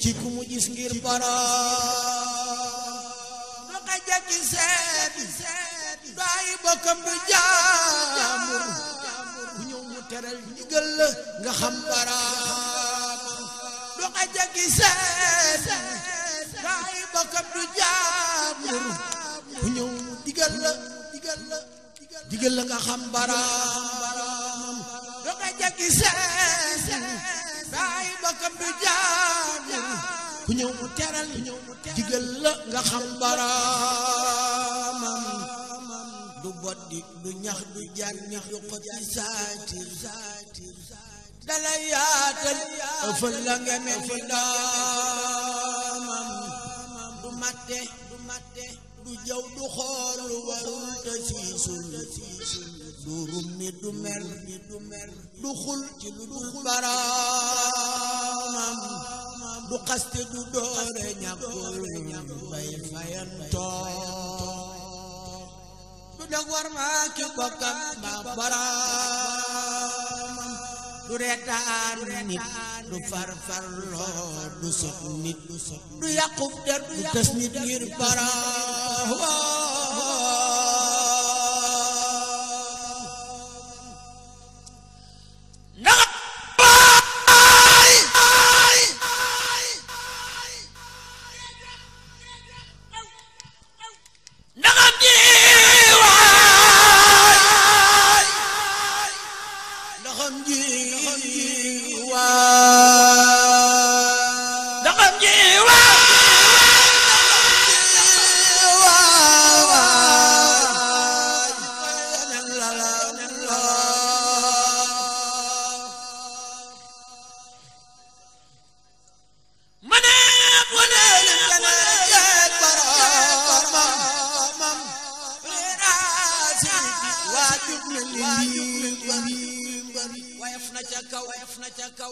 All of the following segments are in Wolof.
Cikumuji singgir para Maka jaki set Dai bokam du jamur muteral mu nga xam para Maka jaki set Dai bokam du jamur digel digel digel, nga xam para Maka jaki set bàyyi bokkam du jaamu ku ñëw mu teral digal la nga xam baraamam du boddi du ñax du jar ñax du ko ci saatir dala yaatal ëfël la ngeme fi daamam du matte du jaw du xool warul te du rummi du mer du xul ci lu dul baraamam du xaste du doore ñàkkul bay fayantoo du dag war maa ki baraam du reetaan nit du farfarloo du sot nit du yàqub der du tës nit ngir bara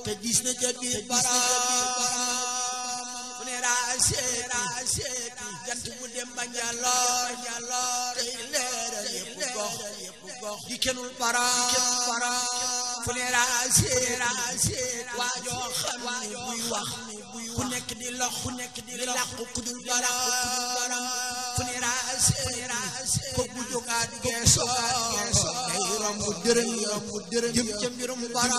تجيس نجبي برام نراسي راسي جنت بودم بنجالو جالو تيلر يبوغ يبوغ ديكن البرام فنراسي راسي واجو خمي بوي وخ ku nekk di lox ku nekk di lox ku dul baram ko bu jógaat geesoon day romb dërëm jëm ca mbirum boroom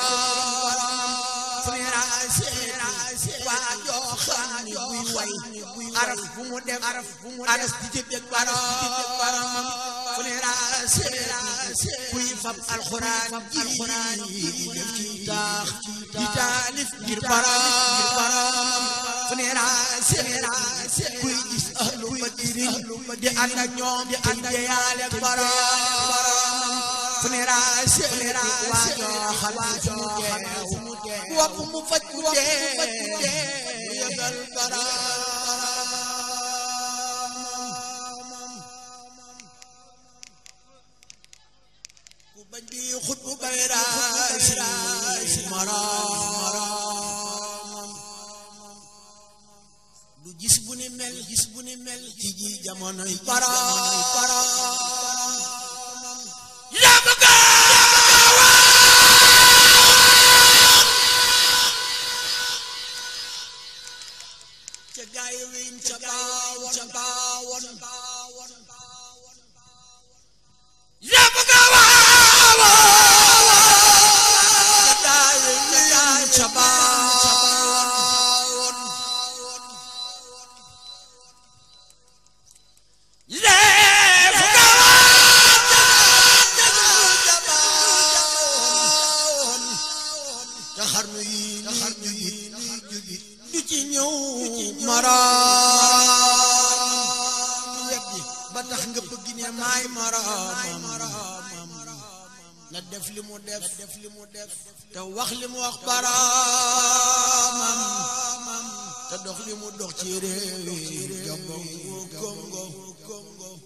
waa joo xam ni buy way araf bu mu dem araf di ci bég boroom kuy fab alxuraan ji def ci taax di taalif ngir boroom fu ne raase kuy gis ahlu madirin di ànd ak ñoom di ànd yaale borom fu ne raase waa joo xam fu mu teew wax mu faj mu teew yëgal borom ku bañ bi xut bu bay raasi maraam Yamuna y para, para. ba tax nga bëgg ne maay moroomam na def li mu def def li mu def te wax li mu wax baraamam te dox li mu dox ci réewi jongongu kongo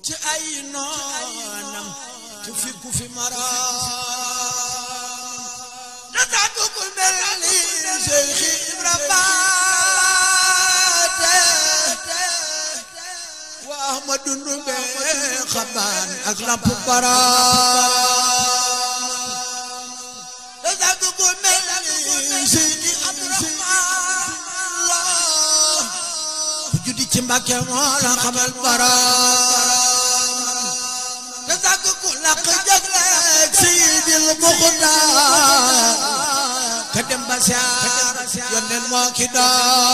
ci ay noonam ci fikku fi maraam te tàggugul mel ni Cheikh Ibra Fall ma dund be xaban ak lamp baraan dag ko mel ni Seydi Abdourahmane la ku juddi ci Mbàkke moo la xamal baraan te dag ko laq jagleeg Seydil Muxtaar ka dem ba siyaar yónneen moo ki doon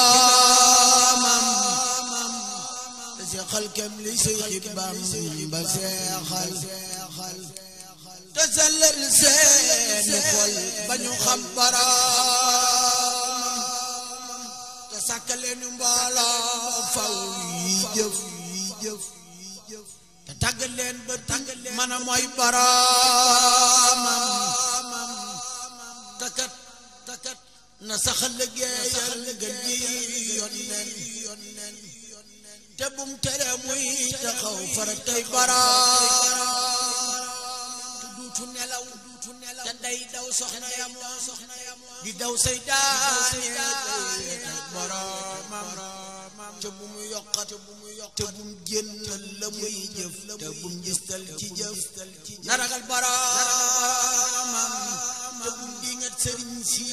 خل كم لسيخ بمسيخ بسيخل تزلل زين فل بنو خمبرا تسكل نمبالا فوي جف تتقلن بتقلن من موي برا تكت تكت نسخ لجي يلقي يونن te bum tere muy taxaw far tey baraam duutu nelaw te day daw soxna yam di daw seytaane tey baraamam te bu mu yokkat te bu mu génnal la muy jëf te bu mu gistal ci jëf na ragal baraamam te bu mu dingat sëriñ si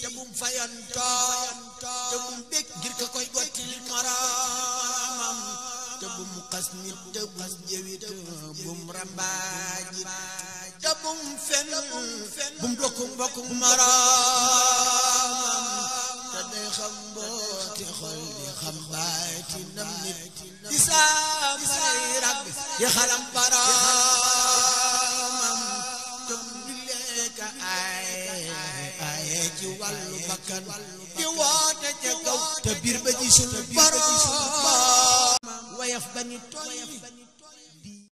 te bu mu fayantoo te bul bég ngir ka koy gotti moroomam te bum xas nit te bum jëwit bum rambaajit te bum fen bum bokku mbokku moroomam te day xam mbooti xol di xam baatinam nit di saa mbay rab di xalam baraam ci wàllu bakkan di woote ca kaw te biir ba gisul borom wayaf ba ni tooy